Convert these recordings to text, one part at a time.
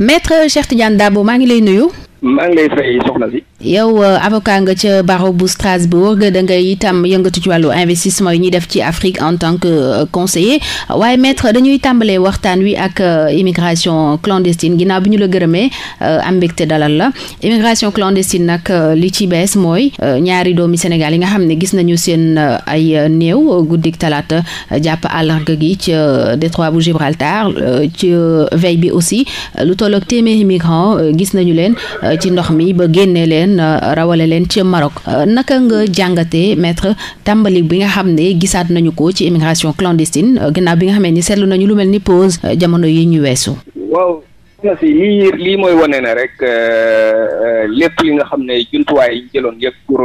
maître Cheikh Tidiane Dabo maa ngi lay nuyu. maa yow euh, avocat nga ca barreau bu Strasbourg da ngay itam yëngatu ci wàllu investissement yi ñuy def ci Afrique en tant que euh, conseiller waaye maître dañuy tàmbalee waxtaan wi ak euh, immigration clandestine ginnaaw bi ñu la gërëmee am mbégte dalal la immigration clandestine nag li ci bees mooy ñaari doomi Sénégal yi nga xam ne gis nañu seen ay néew guddik talaata jàpp àllarga gi ci détroit bu Gibraltar ci veille bi aussi lu tollook téeméeri migrants gis nañu leen. ci ndox mi ba génne leen euh, rawale leen ci Maroc euh, naka nga jàngatee metre tàmbali bi nga xam ne gisaat nañu ko ci immigration clandestine euh, gannaaw bi nga xam ne ni seetlu nañu lu mel ni pause jamono yi ñu weesu. waaw na lii mooy wane ne rek lépp li nga xam ne jumtuwaay yi ñu yëpp pour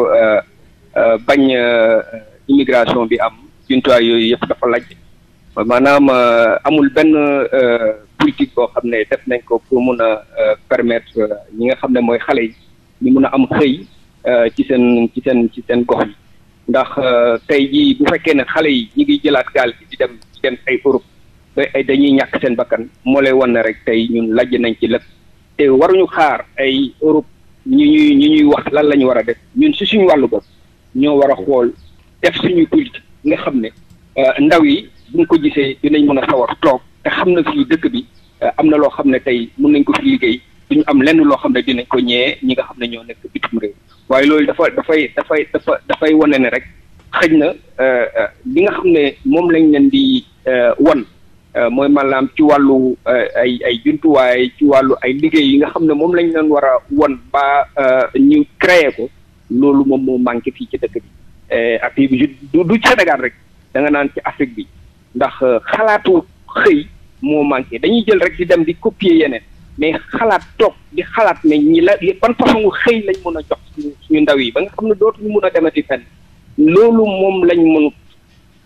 bañ immigration bi am jumtuwaay yooyu yëpp dafa laaj maanaam amul benn. politique boo xam ne def nañ ko pour mun a euh, permettre euh, ñi nga xam ne mooy xale yi ñu mun a am xëy euh, ci seen ci seen ci seen gox yi ndax tey jii bu fekkee ne xale yi ñu ngi jëlaat gaal gi di dem di dem ay Europe ay dañuy ñàkk seen bakkan moo lay wan ne rek tey ñun lajj nañ ci lépp te waruñu xaar ay Europe ñu ñuy ñu ñuy wax lan lañu ñu war a def ñun si suñ wàllu bopp ñoo war a xool def suñu politique nga xam ne ndaw yi buñ ko gisee dinañ mën a sawar toog te xam na fii dëkk bi Euh, am na loo xam ne tey mun nañ ko fi liggéey ñu am lenn loo xam ne dinañ ko ñëwee ñi nga xam ne ñoo nekk bitim réew waaye loolu dafa dafay dafay dafa dafay wane ne rek xëj na euh, euh, li nga xam ne moom lañ leen di wan mooy maanaam ci wàllu ay ay jumtuwaay ci wàllu ay liggéey yi nga xam ne moom lañ leen war a wan ba ñu créer ko loolu moom moo manqué fii ci dëkk bi du du Sénégal rek danga naan ci Afrique bi ndax xalaatu xëy moo manqué dañuy jël rek di dem di copier yeneen mais xalaat toog di xalaat ne ñi la ban façon xëy lañ mën a jox suñu suñu yi ba nga xam ne dootuñu mun a demati fen loolu moom lañ mënut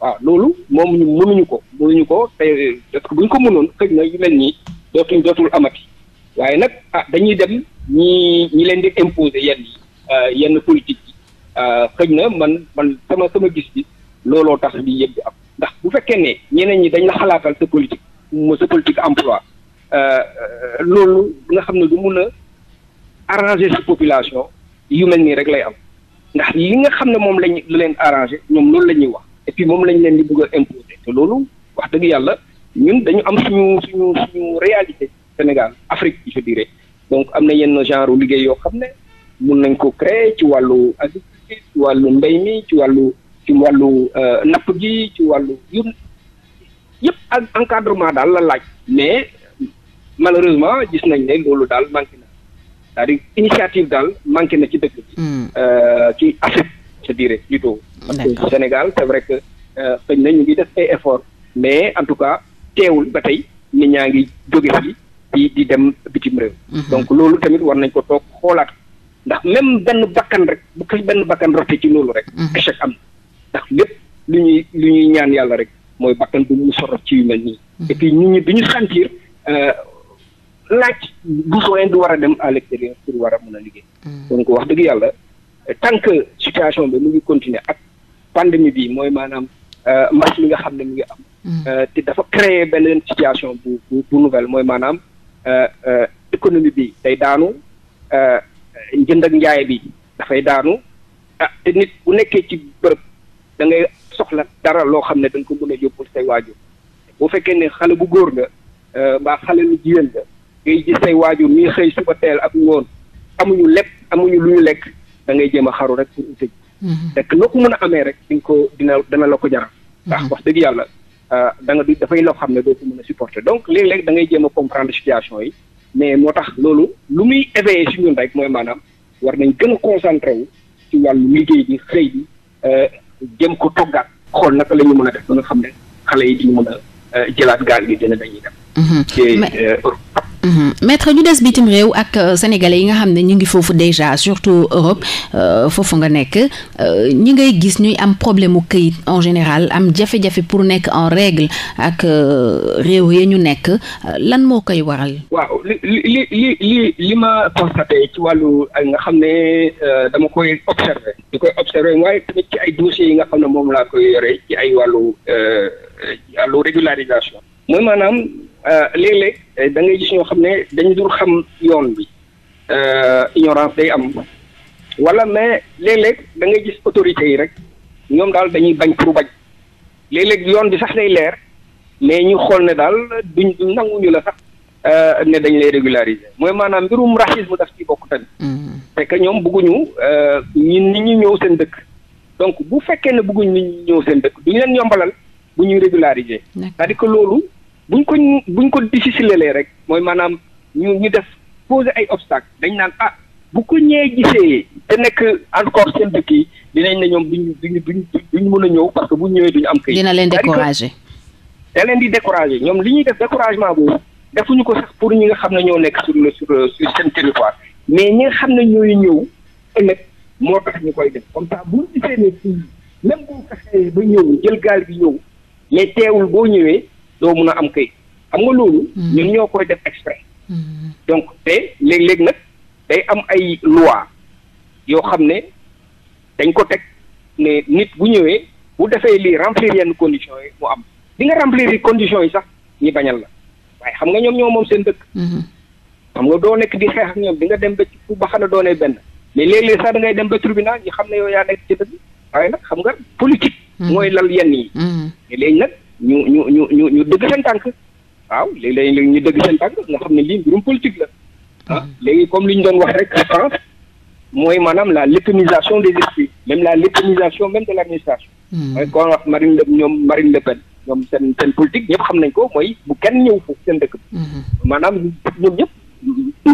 waaw loolu moom ñu mënuñu ko mënuñu ko te buñ ko mënoon xëy na ñu mel nii dootuñ dootul amati waaye nag ah dañuy dem ñi ñi leen di imposer yenn yi euh, yenn politique yi euh, xëj na man man sama sama gis bi looloo tax di yëpp am ndax bu fekkee ne ñeneen ñi dañ la xalaatal sa politique mooy sa politique emploi euh, euh, loolu nga xam ne du mun a arranger sa population yu mel nii rek lay am ndax li nga xam ne moom lañ la leen arranger ñoom loolu la ñuy wax et puis moom lañ leen di bëgg a te loolu wax dëgg yàlla ñun dañu am suñu suñu suñu réalité Sénégal Afrique je donc am na yenn genre liggéey yoo xam ne mun nañ ko créer ci wàllu agriculture ci wàllu mbay mi ci wàllu ci wàllu euh, napp gi ci wàllu yu yëpp ak encadrement daal la laaj mais malheureusement gis nañ ne loolu daal manqué na cest à initiative daal manqué na ci dëkk bi hmm. euh, ci Afrique je dirais plutôt parce Sénégal c'est vrai que euh, xëy na ñu ngi def ay effort mais en tout cas teewul ba tey nit ñaa ngi jóge fii di dem bitim réew hmm. donc loolu tamit war nañ ko toog xoolaat ndax même benn bakkan rek bu ko benn bakkan rote ci loolu rek hmm. échec am ndax lépp lu ñuy lu ñuy ñaan yàlla rek mooy bakkan bu ñu sorof ci yu mel nii. Mm-hmm. et bi ñu sentir euh, laaj besoin du war a dem à pour war a mën a liggéey. Mm-hmm. donc wax dëgg yàlla tant que situation bi mu ngi continuer ak pandémie bi mooy maanaam mbas euh, mi nga xam ne mu ngi am. Mm-hmm. Euh, te dafa créer beneen situation bu bu bu nouvelle mooy maanaam économie bi day daanu njënd ak njaay bi dafay daanu ah te nit bu nekkee ci bërëb. da ngay soxla dara loo xam ne da ko mën a yóbbul say waajur bu fekkee ne xale bu góor nga euh, mbaa xale lu jigéen nga ngay gis say waajur ñuy xëy suba teel ak ngoon amuñu lépp amuñu lu ñu lekk da ngay jéem a xaru rek pour uti mm-hmm. mën a amee rek di ko dina dana la ko jaral mm-hmm. ndax wax dëgg yàlla euh, da nga du dafay loo xam ne doo ko mën a supporter donc léeg-léeg da ngay a comprendre situation yi mais moo tax loolu lu muy éveillé si ñun rek mooy maanaam war nañ gën a concentré wu ci wàllu liggéey bi xëy bi euh, jëm ko toggaat xool naka la ñu mën a def ba nga xam ne xale yi ñu mën a euh, jëlaat gaal gi ne dañuy dem Euh, mhm. maître ñu des bitim réew ak euh, sénégalais yi nga xam ne ñu ngi foofu déjà surtout Europe euh, foofu nga nekk ñi ngay gis ñuy am problème mu këyit en général am jafe-jafe pour nekk en règle ak réew yi ñu nekk lan moo koy waral. waaw li li li li li ma constaté ci wàllu ak nga xam ne dama koy observé. di koy observé ci ay dossiers yi nga xam ne moom laa koy yore ci ay wàllu wàllu régularisation. mooy maanaam. Euh, léeg-léeg euh, da ngay gis ñoo xam ne dañu dul xam yoon bi euh, ignorance day am wala mais léeg-léeg da ngay gis autorités yi rek ñoom daal dañuy bañ pour bañ léeg-léeg yoon bi sax lay leer mais ñu xool ne daal duñ duñ nanguñu la sax ne dañ lay régulariser mooy maanaam mbirum racisme daf ci bokk tamit. Mm-hmm. c'est que ñoom bëgguñu ñun nit ñi ñëw seen dëkk. donc bu fekkee ne bëgguñ ni ñu ñëw seen dëkk duñ leen yombalal bu ñuy régulariser. cest loolu. buñ ko buñ ko difficilelee rek mooy maanaam ñu ñu def poser ay obstacle dañ naan ah bu ko ñëwee gisee te nekk encore seen dëkk yi dinañ ne ñoom duñ duñ duñ duñ mën a ñëw parce que bu ñëwee ñu am këy dina leen décourager da leen di décourager ñoom li ñuy def découragement boobu defuñu ko sax pour ñi nga xam ne ñoo nekk sur le sur sur seen territoire mais ñi nga xam na ñooy ñëw ëllëg moo tax ñu koy def comme ça bu ñu gisee ne fii même boo fexee ba ñëw jël gaal bi ñëw mais teewul boo ñëwee doo mun a am kayit xam nga loolu. Hmm. ñun ñoo koy def exprès. Hmm. donc te léeg-léeg nag day am ay loi yoo xam ne dañ ko teg ne nit bu ñëwee bu defee lii remplir yenn conditions yi mu am di nga remplir conditions yi sax ñi bañal la waaye xam nga ñoom ñoo moom seen dëkk. Hmm. xam nga doo nekk di xeex ñoom di nga dem ba bu fu ba xam ne doonee benn mais léeg-léeg sax da dem ba tribunal ñi xam ne yow yaa nekk ci dëgg waaye nag xam nga politique. mooy lal yenn yi. ñu ñu ñu ñu ñu dëgg seen tànk waaw léeg-léeg ñu dëgg seen tànk nga xam ne lii mbirum politique la ah mhm. léegi comme li ñu doon wax rek en mooy maanaam la lépinisation des esprits même la lépinisation même de l' administration. Mhm. mooy koo wax Marine Le ñoom Marine Le Pen ñoom seen seen politique ñëpp xam nañ ko mooy bu kenn ñëw foofu seen dëkk mhm. maanaam ñoom ñëpp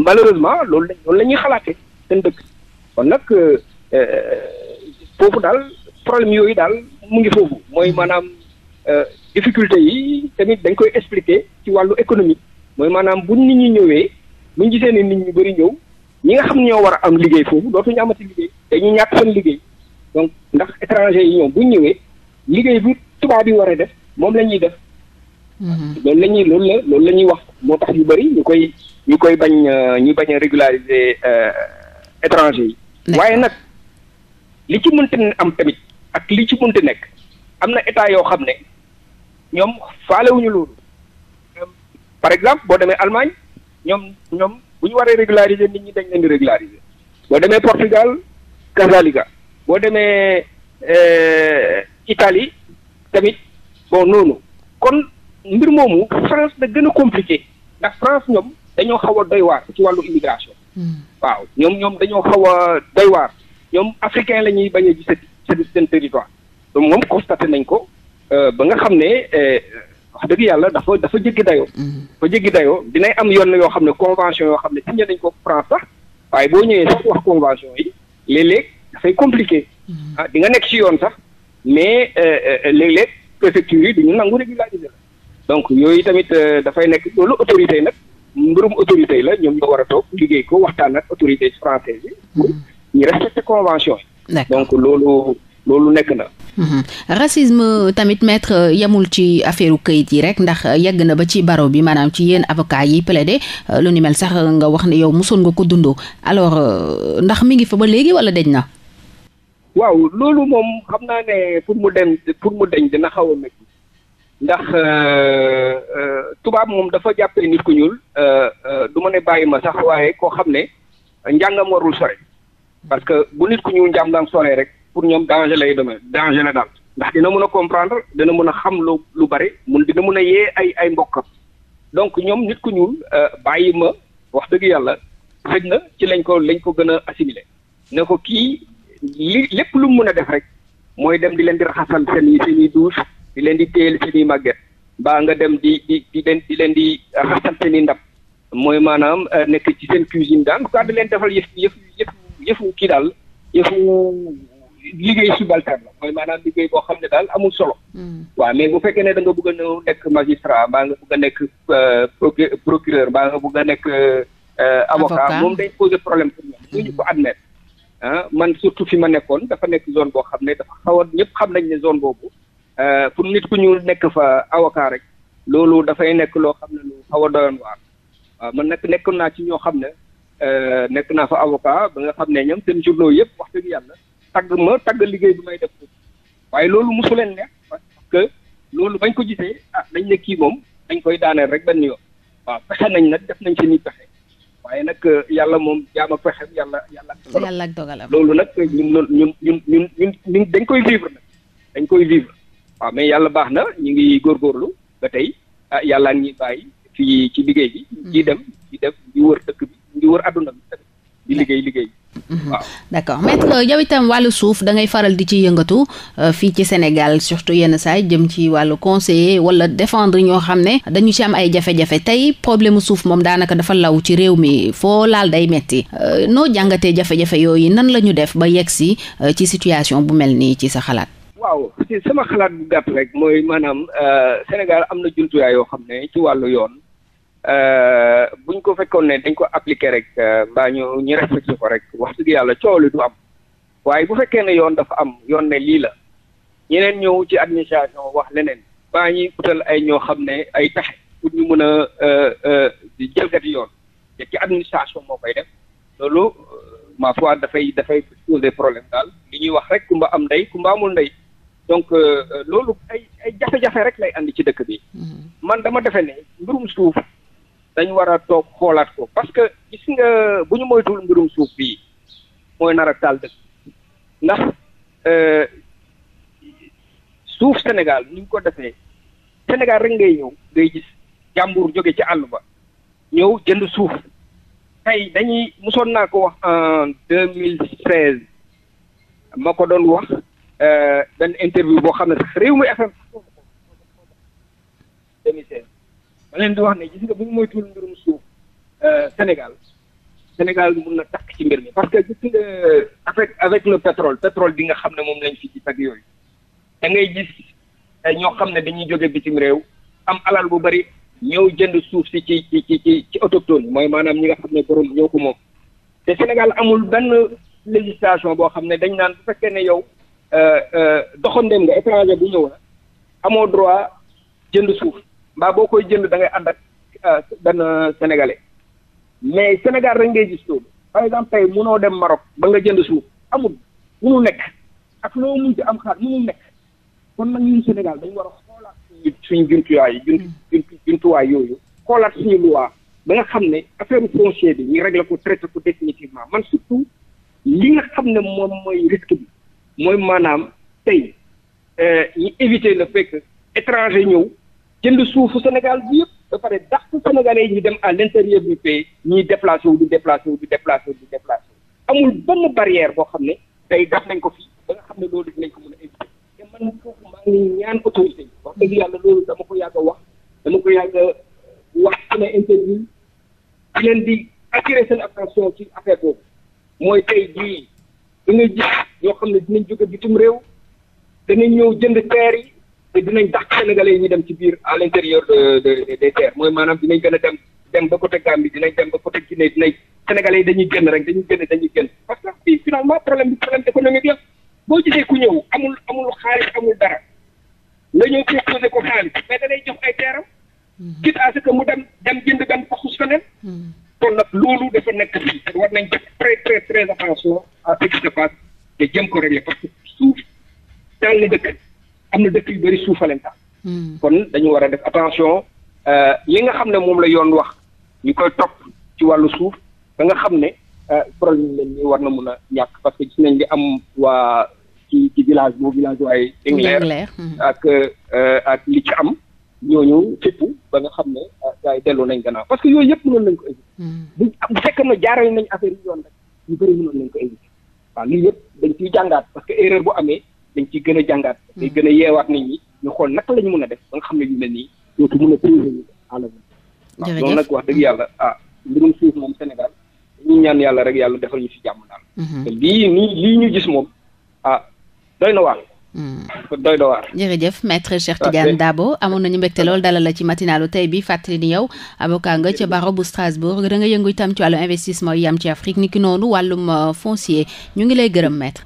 malheureusement loolu la loolu la ñuy xalaatee seen dëkk kon nag euh, euh, foofu daal problème yooyu daal mu ngi foofu mooy maanaam. Euh, difficulté yi tamit dañ koy expliqué ci wàllu économique mooy maanaam bu nit ñi ñëwee bu ñu gisee nit ñu bëri ñëw ñi nga xam ñoo war a am liggéey foofu dootuñu amati liggéey dañuy ñàkk seen liggéey donc ndax étranger yi ñoom bu ñëwee liggéey bu tubaab yi war a def moom la ñuy def. Mhm. loolu lañuy ñuy loolu la loolu la ñuy wax moo tax yu bëri ñu koy ñu koy bañ euh, ñu bañ a régulariser euh, étranger yi. waaye nag li ci mënti am tamit ak li ci mënti nekk am na état yoo xam ne. ñoom faalewuñu loolu par exemple boo demee Allemagne ñoom ñoom bu ñu waree régulariser nit ñi dañ leen di régulariser boo demee Portugal Casaliga boo demee eh, Italie tamit bon noonu kon mbir moomu France da gën a compliqué ndax France ñoom dañoo xaw a doy waar ci wàllu immigration. Hmm. waaw ñoom ñoom dañoo xaw doy waar ñoom africain la ñuy bañ a gis seen seen territoire donc moom constaté nañ ko. Euh, ba nga xam ne euh, wax dëgg yàlla dafa dafa jéggi dayoo. Mm-hmm. dafa jéggi dayoo dinay am yoon yoo xam ne convention yoo xam ne signé nañ ko France sax waaye boo ñëwee sax wax convention yi léeg-léeg dafay compliqué. Mm-hmm. ah nga nekk ci yoon sax mais euh, léeg-léeg préfecture yi duñu nangu régulariser la donc yooyu tamit dafay nekk loolu autorité yi nag mbirum autorité yi la ñoom ñoo war a liggéey ko waxtaan ak autorités françaises yi. Mm-hmm. pour ñu respecter convention yi. donc loolu. loolu nekk na. Mhm. racisme tamit maître euh, yemul ci affaire kayit yi rek ndax euh, yegg na ba ci baro bi maanaam ci yéen avocat yi plaidé euh, lu ni mel sax nga wax ne yow mosoon nga ko dundoo alors ndax mi ngi fa ba léegi wala deñ na. waaw loolu moom xam naa ne pour mu dem pour mu deñ dina xaw a métti ndax tubaab moom dafa jàppee nit ku ñuul du ma ne bàyyi ma sax waaye koo xam ne njàngam warul sore parce que bu nit ku ñuul njàngam sore rek. pour ñoom danger lay demee danger la daal ndax dina mën a comprendre dana mën a xam lu bari mun dina mën a yee ay ay mbokkam donc ñoom nit ku ñuul euh, bàyyi ma wax dëgg yàlla xëj na ci lañ ko lañ ko gën a assimilé ne ko kii li lépp lu mu mën a def rek mooy dem di leen di raxasal seen i seen douche di leen di téyel seen i màgget mbaa nga dem di di di leen di leen di raxasal seen i ndab mooy maanaam euh, nekk ci seen cuisine daal en tout di leen defal yëf yëf yëfu kii daal yëfu liggéey subalterne la mooy maanaam liggéey boo xam ne daal amul solo. Hmm. waa mais bu fekkee ne danga nga bëgg a ñëw nekk magistrat mbaa nga bëgg a nekk euh, procureur mbaa nga bëgg a nekk. Euh, avocat moom day poser problème pour ñoom. bu ñu ko admettre ah man surtout fi ma nekkoon dafa nekk zone boo xam ne dafa xaw a ñëpp xam nañ ne zone boobu euh, pour nit ku ñu nekk fa avocat rek loolu dafay nekk loo xam ne lu xaw a doyoon waar waaw man nag nekkoon naa ci ñoo xam ne nekk naa fa avocat ba nga xam ne ñoom seen journaux yëpp wax dëgg yàlla. tagg ma tagg liggéey bi may def waaye loolu mosu leen neex loolu bañ ko gisee a ah, dañ ne kii moom dañ koy daaneel rek benn yoon waaw pexe nañ nag def nañ seen i pexe waaye nag euh, yàlla moom jaam pexe pexem yàlla yàlla ak dogalam loolu nag ñun ñun ñun ñun dañ koy vivre nag dañ koy vivre waaw mais yàlla baax na ñu ngi góorgóorlu ba tey ah yàlla ñuy bàyyi fii ci liggéey bi hmm. di dem di def ñu wër dëkk bi di wër àdduna bi tamit di liggéey liggéey Mm-hmm. d'accord maître yow itam wàllu suuf da ngay faral di ci yëngatu euh, fii ci senegal surtout yenn saay jëm ci wàllu conseiller wala defendre ñoo xam ne dañu ci am ay jafe-jafe tey problème suuf moom daanaka dafa law ci réew mi foo laal day metti euh, noo jàngatee jafe-jafe yooyu nan la ñu def ba yegg si euh, ci situation bu mel nii ci sa xalaat waaw ci sama xalaat bu gàtt rek mooy maanaam Sénégal am na jumtuwaay yoo xam ne ci wàllu yoon Euh, bu ñu ko fekkoon ne dañ ko appliquer rek euh, baa ñu ñu respecté ko rek wax dëgg yàlla coow li du am waaye bu fekkee ne yoon dafa am yoon ne lii la ñeneen ñëw ci administration wax leneen baa ñuy utal ay ñoo xam ne ay taxe pour ñu mën a euh, jëlgati yoon te ci administration moo koy def loolu ma foi dafay dafay de problème daal li ñuy wax rek kumba am ndey kumba amul ndey donc loolu ay ay jafe-jafe rek lay andi ci dëkk bi mm-hmm. man dama defe ne mbirum dañ war a toog xoolaat ko parce que gis nga bu ñu moytuwul mbirum suuf bii mooy nara a taal dëkk ndax euh, suuf Sénégal ni ñu ko defee Sénégal rek ngay ñëw ngay gis jàmbur jóge ci àll ba ñëw jënd suuf tey dañuy mosoon naa ko wax en deux mille seize ma ko doon wax euh, benn interview boo xam ne sax réew mi FM deux ma leen di wax ne gis nga bu ñu moytuwul mbirum suuf euh, Sénégal Sénégal mun na takk ci mbir mi parce que gis nga euh, avec avec le pétrole pétrole bi xam ne moom lañ fi gis ak yooyu da ngay gis euh, ñoo xam ne dañuy bi bitim réew am alal bu bari ñëw jënd suuf si ci ci ci ci ci autochtone mooy maanaam ñi nga xam ne borom ñoo ko moom te Sénégal amul benn législation boo xam ne dañ naan bu fekkee ne yow doxandéem nga étranger bu ñëw la amoo droit jënd suuf. mbaa boo koy jënd da ngay ànd ak dana euh, sénégalais mais Sénégal rek ngay gis par exemple tey munoo dem Maroc ba nga jënd suuf amul munul nekk ak loo mun ci am xaar munul nekk kon nag ñun Sénégal dañu war a xoolaat suñu suñu jumtuwaay yooyu xoolaat suñu loi ba nga xam ne affaire foncier bi ñu réglé ko traité ko définitivement man surtout li nga xam ne moom mooy risque bi mooy maanaam tey euh, ñu éviter le fait que étranger ñëw jënd suufu Sénégal bi yëpp ba pare dàq sénégalais yi ñu dem à l' intérieur du pays ñuy déplacé wu di déplacé wu di déplacé wu di déplacé amul bann barrière boo xam ne tey def nañ ko fi ba xam ne loolu nañ ko mën a éviter te man ñaan autorité dëgg yàlla loolu dama ko yàgg wax dama ko yàgg a wax sama interview di leen di attirer affaire boobu mooy tey jii da nga ñoo xam ne dinañ jóge tum réew danañ ñëw jënd terre yi te dinañ tax sénégalais yi ñu dem ci biir à l' intérieur de de des terres mooy maanaam dinañ gën a dem dem ba côté Gambie dinañ dem ba côté Guinée dinañ sénégalais yi dañuy génn rek dañuy génn dañuy génn parce que fii finalement problème bi problème économique la boo gisee ku ñëw amul amul xaalis amul dara nga ñëw proposé ko xaalis mais da jox ay teeram mm-hmm. quitte à ce que mu dem dem jënd dem ko xus feneen mm-hmm. kon nag loolu dafa nekk fii te war nañ def très très très attention à ce jëm ko régler parce que suuf daal dëkk am na dëkk yu bëri a leen tax hmm. kon dañu war a def attention euh, li nga xam ne moom la yoon wax ñu koy topp ci wàllu suuf ba nga xam ne euh, problème lañ war na mun a ñàkk parce que gis nañ li am waa ci ci village boobu village waaye Dingler hmm. ak euh, ak li ci am ñooñu fépp ba nga xam ne gars yi delloo nañ gannaaw parce que yooyu yëpp mënoon nañ ko éviter hmm. bu bu fekkee na jaaral nañ affaire yi yoon rek ñu bëri mënoon nañ ko éviter waaw lii yëpp dañ ciy jàngaat parce que erreur bu amee dañ ci gën a jàngaat mm. day gën a yeewaat nit ñi ñu xool naka la ñu mën a def ba nga xam ne yu mel nii dootu a nag wax dëgg yàlla ah mbirum yàlla rek yàlla defal ñu si jàmm daal mm-hmm. te lii nii lii ñu gis moom ah doy na waar mm. doy na waar jërëjëf maître Cheikh ah, Tidiane Dabo amoon nañu mbégte lool dalal la ci matinalu tey bi fàttali ni yow avocat nga ca barreau bu Strasbourg da nga yëngu itam ci wàllu investissement yam ci Afrique ni noonu wàllum euh, foncier ñu ngi lay gërëm maître